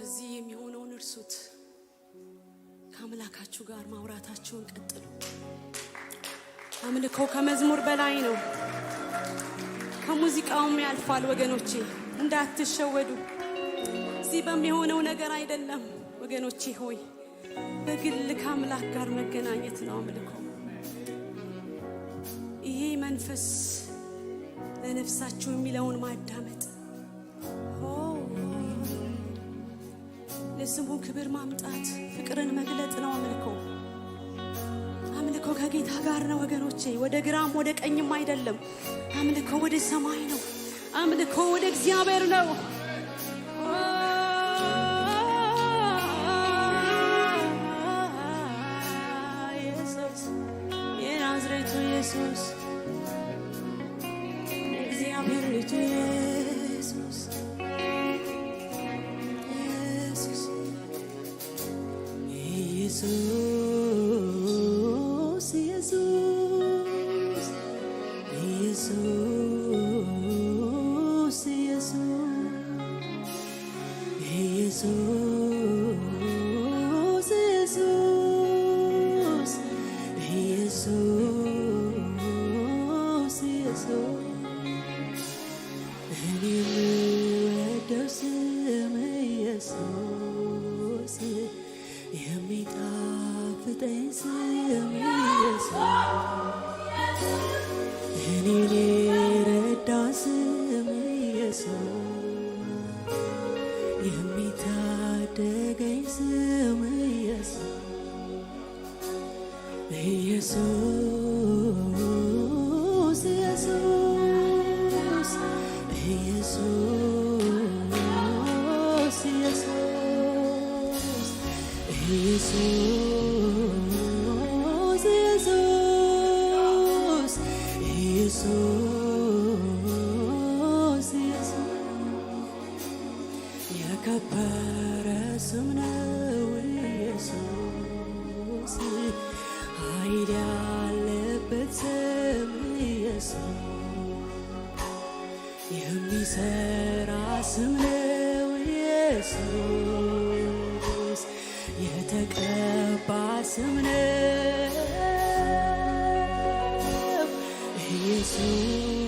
ከዚህ የሚሆነውን እርሱት። ከአምላካችሁ ጋር ማውራታችሁን ቀጥሉ። አምልኮ ከመዝሙር በላይ ነው፣ ከሙዚቃውም ያልፋል። ወገኖቼ እንዳትሸወዱ፣ እዚህ በሚሆነው ነገር አይደለም። ወገኖቼ ሆይ በግል ከአምላክ ጋር መገናኘት ነው አምልኮ። ይሄ መንፈስ ለነፍሳችሁ የሚለውን ማዳመጥ የስሙን ክብር ማምጣት ፍቅርን መግለጥ ነው አምልኮ። አምልኮ ከጌታ ጋር ነው ወገኖቼ፣ ወደ ግራም ወደ ቀኝም አይደለም። አምልኮ ወደ ሰማይ ነው። አምልኮ ወደ እግዚአብሔር ነው። ኢየሱስ የናዝሬቱ ኢየሱስ soon. የሚታደገኝ ስም ኢየሱስ ኢየሱስ የሚሰራ ስም ነው ኢየሱስ የተቀባ ስም ነው ኢየሱስ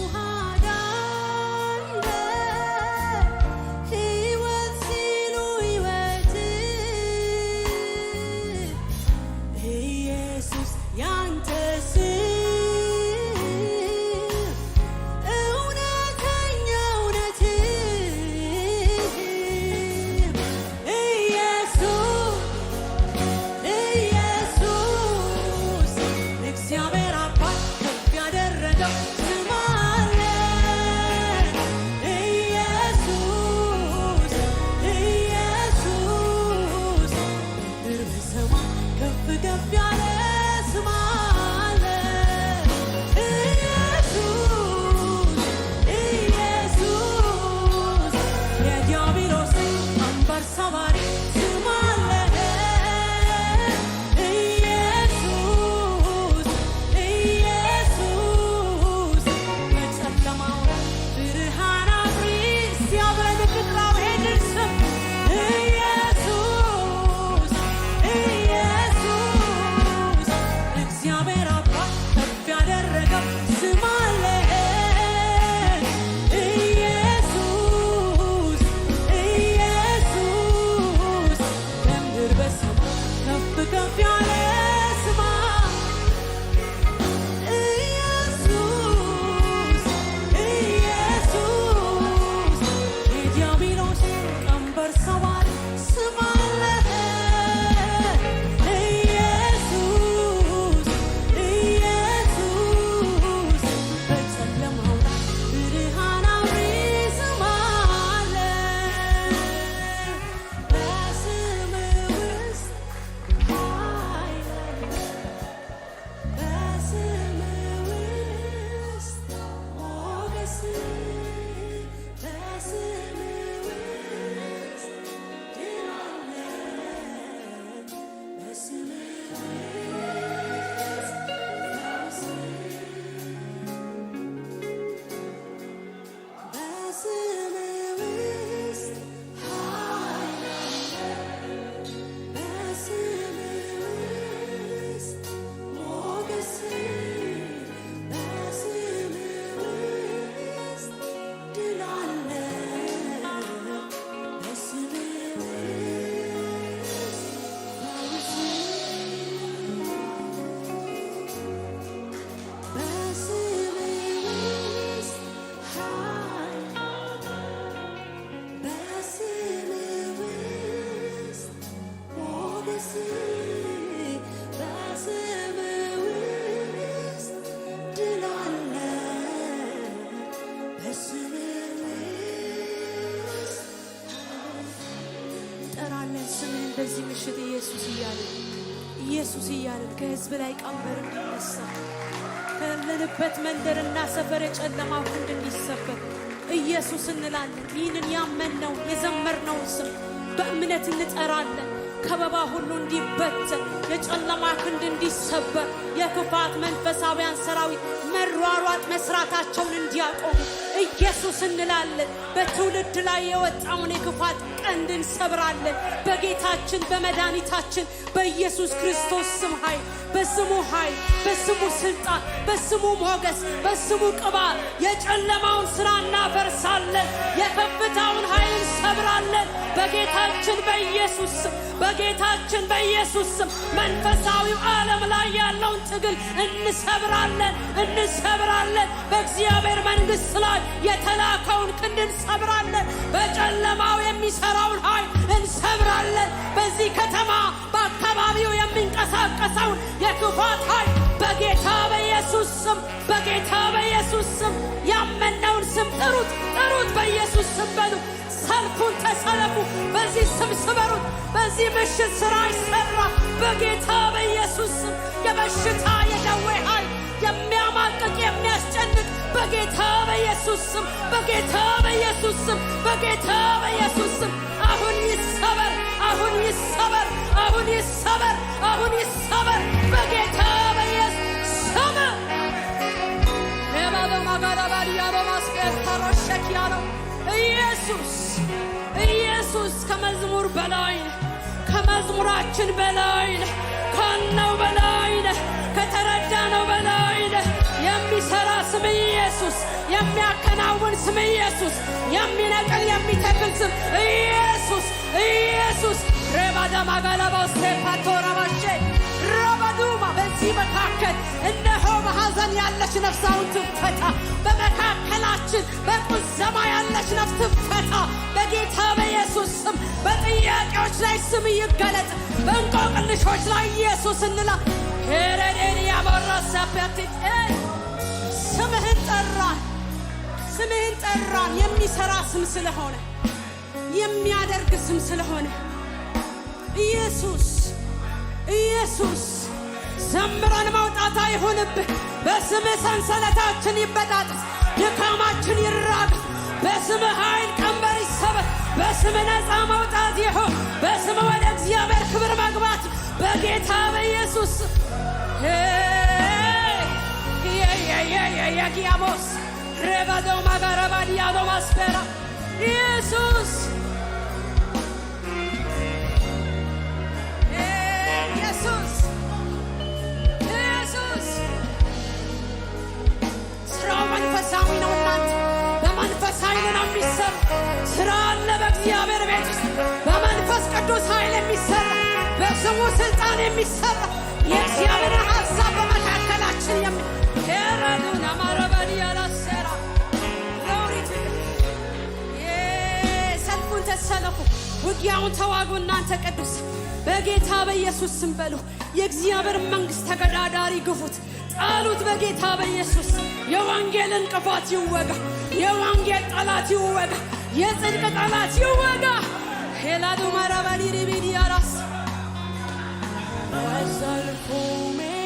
know how. በዚህ ምሽት ኢየሱስ እያለ ኢየሱስ እያለ ከህዝብ ላይ ቀንበር እንዲነሳ ከለንበት መንደርና ሰፈር የጨለማ ክንድ እንዲሰበር ኢየሱስ እንላለን። ይህንን ያመንነው የዘመርነውን ስም በእምነት እንጠራለን። ከበባ ሁሉ እንዲበተን፣ የጨለማ ክንድ እንዲሰበር፣ የክፋት መንፈሳውያን ሰራዊት መሯሯጥ መስራታቸውን እንዲያቆሙ ኢየሱስ እንላለን። በትውልድ ላይ የወጣውን የክፋት ቀንድ እንሰብራለን በጌታችን በመድኃኒታችን በኢየሱስ ክርስቶስ ስም ኃይል በስሙ ኃይል፣ በስሙ ስልጣን፣ በስሙ ሞገስ፣ በስሙ ቅባት የጨለማውን ሥራ እናፈርሳለን። የከፍታውን ኃይል እንሰብራለን። በጌታችን በኢየሱስ ስም፣ በጌታችን በኢየሱስ ስም መንፈሳዊው ዓለም ላይ ያለውን ትግል እንሰብራለን፣ እንሰብራለን። በእግዚአብሔር መንግሥት ላይ የተላከውን ክንድ እንሰብራለን። በጨለማው የሚሠራውን ኃይል እንሰብራለን። በዚህ ከተማ በአካባቢው የሚንቀሳቀሰውን የክፋት ኃይል በጌታ በኢየሱስ ስም በጌታ በኢየሱስ ስም ያመነውን ስም ጥሩት ጥሩት፣ በኢየሱስ ስም በሉ። ሰልፉን ተሰለፉ። በዚህ ስም ስበሩት። በዚህ ምሽት ሥራ ይሠራ በጌታ በኢየሱስ ስም። የበሽታ የደዌ ኃይል የሚያማቅቅ የሚያስጨንቅ በጌታ በኢየሱስ ስም በጌታ በኢየሱስ ስም በጌታ በኢየሱስ ስም አሁን ይስ አሁን ይሰበር፣ አሁን ይሰበር፣ አሁን ይሰበር በጌታ በኢየሱስ ስም የባበማ ባዳባዲያ በማስቀር ተረሸኪያ ነው። ኢየሱስ ኢየሱስ ከመዝሙር በላይ ነህ፣ ከመዝሙራችን በላይ ነህ፣ ካናው በላይ ነህ፣ ከተረዳነው በላይ ነህ። የሚሰራ ስም ኢየሱስ፣ የሚያከናውን ስም ኢየሱስ፣ የሚነቅል የሚተክል ስም ኢየሱስ ኢየሱስ ረባዳማ ጋላባውስ ሴፓቶራባሼ ረባዱማ በዚህ መካከል እነሆ በሐዘን ያለች ነፍስ አሁን ትፈታ። በመካከላችን በቁዘማ ያለች ነፍስ ትፈታ በጌታ በኢየሱስ ስም። በጥያቄዎች ላይ ስም ይገለጥ፣ በእንቆቅልሾች ላይ ኢየሱስ እንላ ሄረኔን ያበራ ስምህን ጠራን፣ ስምህን ጠራን የሚሠራ ስም ስለሆነ የሚያደርግ ስም ስለሆነ ኢየሱስ ኢየሱስ ዘምረን መውጣት አይሆንብህ። በስም ሰንሰለታችን ይበጣጥ፣ ድካማችን ይራቅ፣ በስም ኃይል ቀንበር ይሰበር። በስም ነፃ መውጣት ይሆን፣ በስም ወደ እግዚአብሔር ክብር መግባት በጌታ በኢየሱስ የያያያያጊያሞስ ኢየሱስ መንፈሳዊ ነው። የሚሰራ ስራ ቅዱስ ኃይል የሚሰራ በስሙ ስልጣን የሚሰራ የእግዚአብሔር ሀሳብ በመካከላችን የሚ ሰለፉ ውጊያውን ተዋጉ እናንተ ቅዱስ በጌታ በኢየሱስ ስም በሉ። የእግዚአብሔር መንግሥት ተገዳዳሪ ግፉት፣ ጣሉት በጌታ በኢየሱስ የወንጌል እንቅፋት ይወጋ፣ የወንጌል ጠላት ይወጋ፣ የጽድቅ ጠላት ይወጋ። ሄላዱ መረበሊሪቢዲያራስ ወዘልኩሜ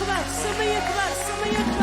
yıkılar, sıvı yıkılar, sıvı yıkılar.